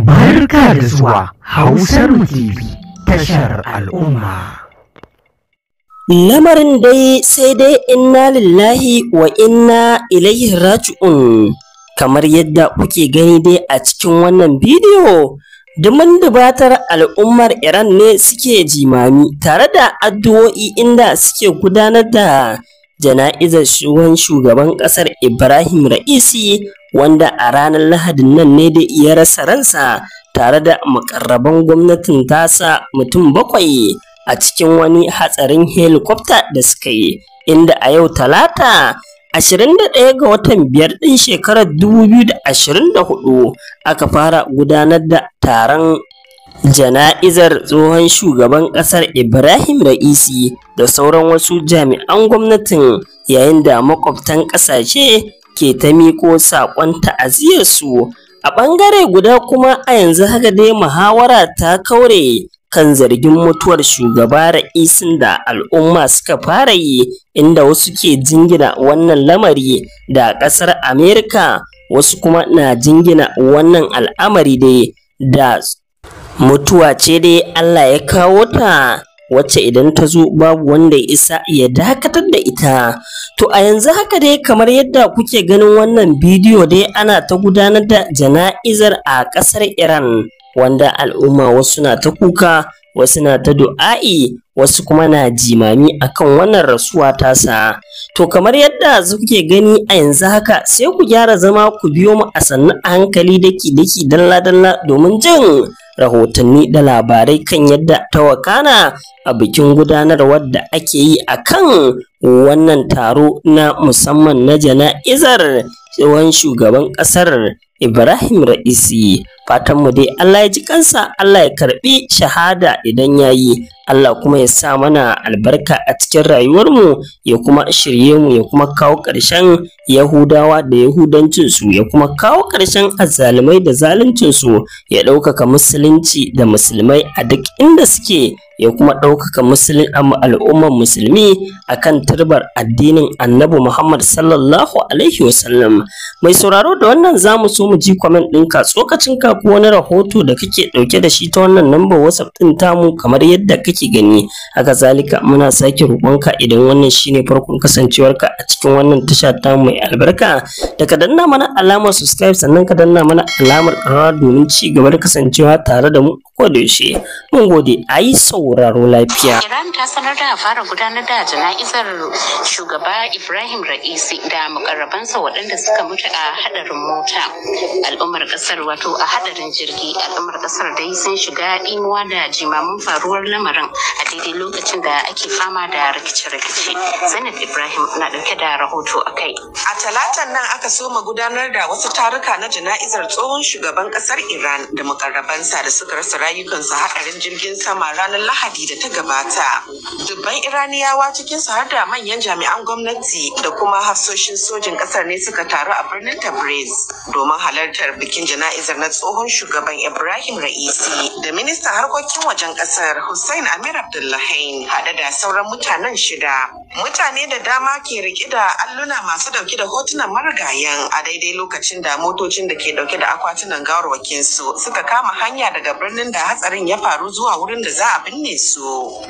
Barka da zuwa Hausar TV tashar al'umma. Lamarin dai sai dai inna lillahi wa inna ilaihi raji'un. Kamar yadda kuke gani dai a cikin wannan bidiyo, dumin dubatar al'ummar Iran ne suke jimami tare da addu'o'i inda suke gudanar da jana'izar shugaban ƙasar Ibrahim Ra'isi wanda a ranar lahadin nan ne da ya rasa ransa tare da makarraban gwamnatin tasa mutum bakwai a cikin wani hatsarin helikwafta da suka yi inda a yau talata 21 ga watan biyar ɗin shekarar 2024 aka fara gudanar da taron jana'izar tsohon shugaban ƙasar ibrahim ra'isi da sauran wasu jami'an gwamnatin yayin da makwabtan ƙasashe ke ta miƙo saƙon ta'aziyarsu a ɓangare guda kuma a yanzu haka dai muhawara ta kaure kan zargin mutuwar shugaba ra'isin da al'umma suka fara yi inda wasu ke jingina wannan lamari da ƙasar amerika wasu kuma na jingina wannan al'amari dai da mutuwa ce dai allah ya kawo ta wacce idan ta zo babu wanda ya isa ya dakatar da ita to a yanzu haka dai kamar yadda kuke ganin wannan bidiyo dai ana ta gudanar da jana'izar a ƙasar iran wanda al'umma wasu na ta kuka wasu na ta du'a'i wasu kuma na jimami akan wannan rasuwa tasa to kamar yadda kuke gani a yanzu haka sai ku gyara zama ku biyo mu a sannu a hankali daki daki dalla dalla domin jin rahotanni da labarai kan yadda ta wakana a bikin gudanarwar da ake yi a kan wannan taro na musamman na jana'izar tsawon shugaban ƙasar Ibrahim Ra'isi fatan mu dai Allah ya ji kansa Allah ya karbi shahada idan yayi Allah kuma ya sa mana albarka a cikin rayuwar mu ya kuma shirye mu ya kuma kawo ƙarshen Yahudawa da Yahudancin su ya kuma kawo ƙarshen azzalumai da zaluncin su ya ɗaukaka musulunci da musulmai a duk inda suke ya kuma ɗaukaka musulun al'ummar musulmi akan turbar addinin annabi Muhammad sallallahu alaihi wasallam mai sauraro da wannan zamu so mu ji comment ɗinka tsokacin ka ko wani rahoto da kake ɗauke da shi ta wannan lambar WhatsApp ɗin tamu kamar yadda kake gani. Haka zalika muna sake ka, idan wannan shine farkon kasancewarka a cikin wannan tasha ta mai albarka da ka danna mana alamar subscribe sannan ka danna mana alamar ƙararrawa domin ci gaba da kasancewa tare da mu kodayaushe mun gode a yi sauraro lafiya. Iran ta sanar da fara gudanar da jana'izar shugaba Ibrahim Ra'isi da mukarrabansa waɗanda suka mutu a hadarin mota al'ummar ƙasar wato a hadarin jirgi al'ummar ƙasar dai sun shiga ɗimuwa da jimamin faruwar lamarin a daidai lokacin da ake fama da rikice-rikice. Zainab Ibrahim na dauke da rahoto a kai. A talatan nan aka soma gudanar da wasu taruka na jana'izar tsohon shugaban ƙasar Iran da mukarrabansa da suka rasa rayukansu hadarin jirgin sama ranar Lahadi da ta gabata. Dubban Iraniyawa cikinsu har da manyan jami'an gwamnati da kuma hafsoshin sojin kasar ne suka taru a birnin Tabriz domin halartar bikin jana'izar na tsohon shugaban Ibrahim Ra'isi da ministan harkokin wajen kasar Hussein Amir Abdullahi haɗe da sauran mutanen shida. mutane da dama ke rike da alluna masu dauke da hotunan marigayen a daidai lokacin da motocin da ke dauke da akwatunan gawarwakin su suka kama hanya daga birnin da hatsarin ya faru zuwa wurin da za a binne su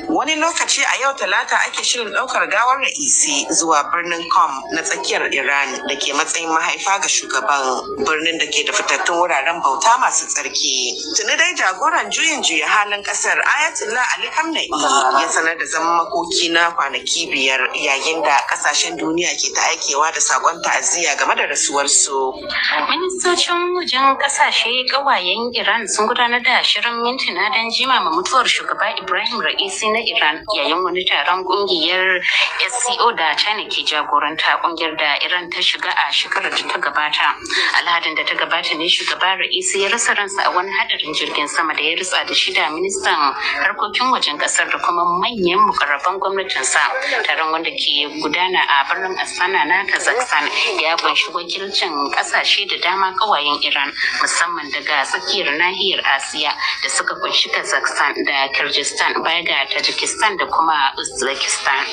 wani lokaci a yau talata ake shirin ɗaukar gawar da Isi zuwa birnin com na tsakiyar iran da ke matsayin mahaifa ga shugaban birnin da ke da fitattun wuraren bauta masu tsarki tuni dai jagoran juyin juya halin ƙasar ayatollah ali khamenei ya sanar da zaman makoki na kwanaki biyar biyar yayin da kasashen duniya ke ta aikewa da sakon ta'aziyya game da rasuwarsu. Ministocin wajen kasashe kawayen Iran sun gudanar da shirin mintuna don jimama mutuwar shugaba Ibrahim Ra'isi na Iran yayin wani taron kungiyar SCO da China ke jagoranta kungiyar da Iran ta shiga a shekarar da ta gabata. Alhadin da ta gabata ne shugaba Ra'isi ya rasa ransa a wani hadarin jirgin sama da ya rutsa da shida ministan harkokin wajen kasar da kuma manyan mukarraban gwamnatinsa. Taron taron wanda ke gudana a birnin Astana na Kazakhstan ya kunshi wakilcin kasashe da dama kawayen Iran musamman daga tsakiyar nahiyar Asiya da suka kunshi Kazakhstan da Kyrgyzstan baya ga Tajikistan da kuma Uzbekistan.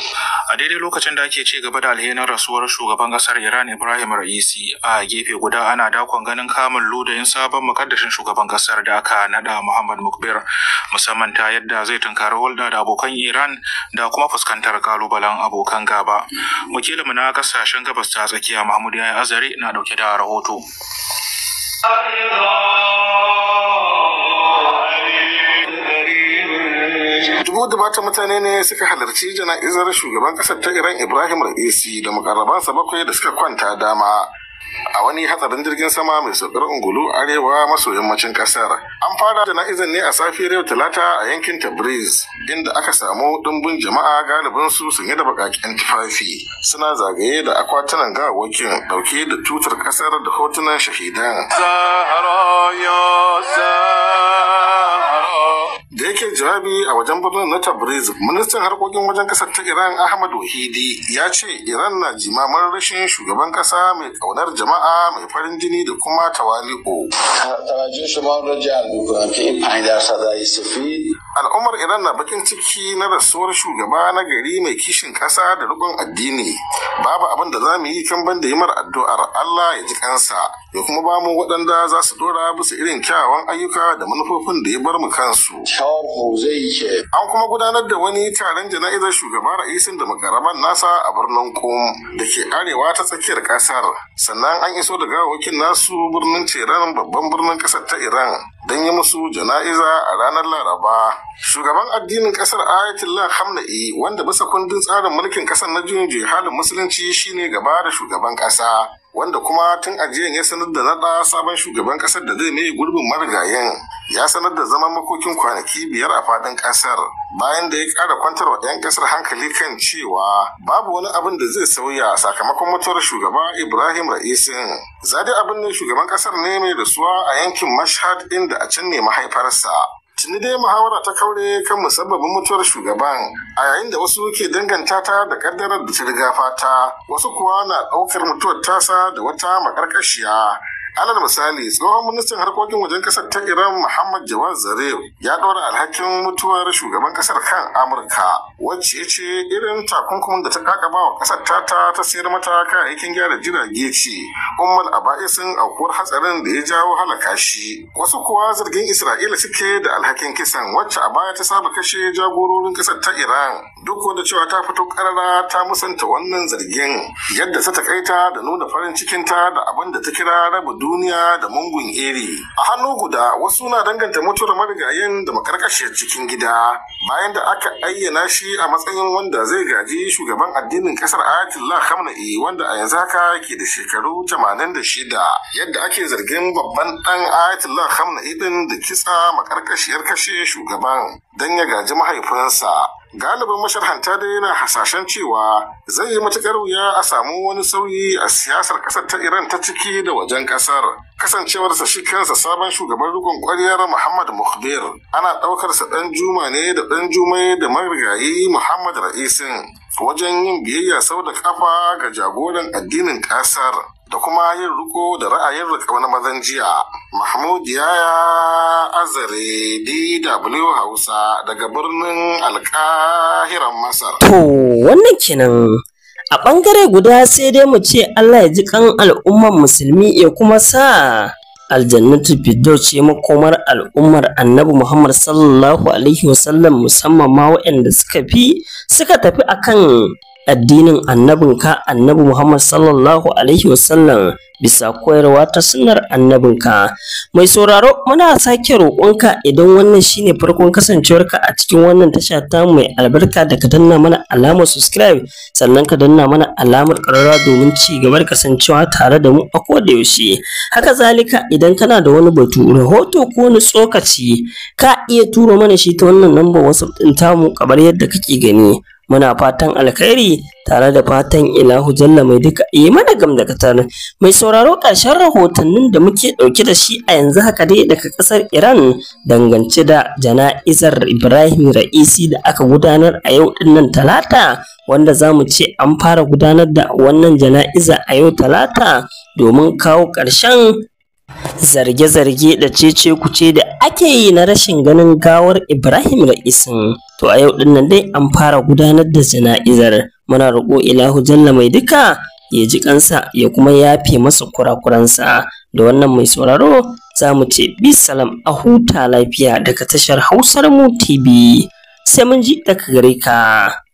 A daidai lokacin da ake ci gaba da alhinin rasuwar shugaban kasar Iran Ibrahim Ra'isi a gefe guda ana dakon ganin kamun ludayin sabon makaddashin shugaban kasar da aka nada Muhammad Mukbir musamman ta yadda zai tunkari hulɗa da abokan Iran da kuma fuskantar kalubalen abokan gaba wakilinmu na kasashen gabas ta tsakiya mahmud ya azari na dauke da rahoto dubu bata mutane ne suka halarci jana'izar shugaban ƙasar ta iran ibrahim ra'isi da mukarrabansa bakwai da suka kwanta dama a wani hatsarin jirgin sama mai saukar ungulu arewa maso yammacin kasar an fara jana'izar ne a safiyar yau talata a yankin tabriz inda aka samu dimbin jama'a galibin su sanye da bakaken tufafi suna zagaye da akwatunan gawakin dauke da tutar kasar da hotunan shahidan jawabi a wajen birnin na tabriz ministan harkokin wajen kasar ta iran ahmad wahidi ya ce iran na jimamar rashin shugaban kasa mai kaunar jama'a mai farin jini da kuma tawali'o توجه yi al'ummar iran na bakin ciki na rasuwar shugaba na gari mai kishin kasa da rikon addini babu abin da za mu yi kan banda yimar addu'ar allah ya ji kansa ya kuma ba mu waɗanda za su dora bisa irin kyawawan ayyuka da manufofin da ya bar mu kansu an kuma gudanar da wani taron jana'izar shugaba ra'isin da makaraman nasa a birnin kum da ke arewa ta tsakiyar kasar sannan an iso da gawawakin nasu birnin Ceren babban birnin ƙasar ta iran don yi musu jana'iza a ranar laraba shugaban addinin kasar ayatollah hamna'i wanda bisa kundin tsarin mulkin kasar na juyin halin musulunci shine gaba da shugaban kasa wanda kuma tun ajiyan ya sanar da nada sabon shugaban kasar da zai mai gurbin marigayen ya sanar da zaman makokin kwanaki biyar a fadin kasar bayan da ya kara kwantar wa 'yan kasar hankali kan cewa babu wani abin da zai sauya sakamakon mutuwar shugaba ibrahim ra'isin zadi abin ne shugaban kasar ne mai rasuwa a yankin mashhad inda a can ne mahaifarsa tuni dai muhawara ta kaure kan musabbabin mutuwar shugaban a yayin da wasu ke danganta ta da kaddarar da ta riga fata wasu kuwa na ɗaukar mutuwar tasa da wata makarkashiya alal misali tsohon ministan harkokin wajen kasar ta iran muhammad jawad zarew ya ɗora alhakin mutuwar shugaban kasar kan amurka wacce ce irin takunkumin da ta kakaba wa kasar tata ta sayar mata kayayyakin gyara jirage ce ummal aba'isin aukuwar hatsarin da ya jawo halaka shi wasu kuwa zargin isra'ila suke da alhakin kisan wacce a baya ta saba kashe jagororin kasar ta iran duk wanda cewa ta fito karara ta musanta wannan zargin yadda ta takaita da nuna farin cikinta da abin da ta kira rabin duniya da mungun iri a hannu guda wasu na danganta mutuwar marigayen da makarkashiyar cikin gida bayan da aka ayyana shi a matsayin wanda zai gaji shugaban addinin kasar ayatollah khamenei wanda a yanzu haka ke da shekaru 86 yadda ake zargin babban dan ayatollah khamenei din da kitsa makarkashiyar kashe shugaban don ya gaji mahaifinsa galibin masharhanta dai yana hasashen cewa zai yi matukar wuya a samu wani sauyi a siyasar ƙasar ta iran ta ciki da wajen ƙasar. kasancewarsa shi kansa sabon shugaban rikon kwaryar muhammad muhbir ana ɗaukarsa ɗan juma ne da ɗan jumai da marigayi muhammad ra'isin wajen yin biyayya sau da kafa ga jagoran addinin ƙasar. da kuma yin riko da ra'ayin rikau na mazan jiya. Mahmud Yaya Azare DW Hausa daga birnin Alkahiran Masar. To wannan kenan a ɓangare guda sai dai mu ce Allah ya ji kan al'ummar musulmi ya kuma sa aljannatu firdausi makomar al'ummar annabi muhammad sallallahu alaihi wasallam musamman ma waɗanda suka fi suka tafi akan addinin annabinka annabi Muhammad sallallahu alaihi wasallam bisa koyarwa ta sunnar annabinka mai sauraro muna sake roƙonka idan wannan shine farkon kasancewarka a cikin wannan tasha ta mai albarka da ka danna mana alamar subscribe sannan ka danna mana alamar ƙararrawa domin ci gaba kasancewa tare da mu a koda yaushe haka zalika idan kana da wani batu rahoto ko wani tsokaci ka iya turo mana shi ta wannan lambar wasu ɗin tamu kamar yadda kake gani muna fatan alkhairi tare da fatan ilahu jalla mai duka yi eh, mana gam da katar mai sauraro karshen rahotannin da muke ɗauke da shi a yanzu haka dai daga ƙasar iran dangance da jana'izar ibrahim ra'isi da aka gudanar a yau dinnan talata wanda za mu ce an fara gudanar da wannan jana'iza a yau talata domin kawo karshen zarge-zarge da cece kuce da ake yi na rashin ganin gawar ibrahim ra'isin to a yau din dai an fara gudanar da jana'izar muna roƙo ilahu jalla mai duka ya ji kansa ya kuma yafe masa kurakuransa da wannan mai sauraro za mu ce bi salam a huta lafiya daga tashar hausar mu tv sai mun ji daga gare ka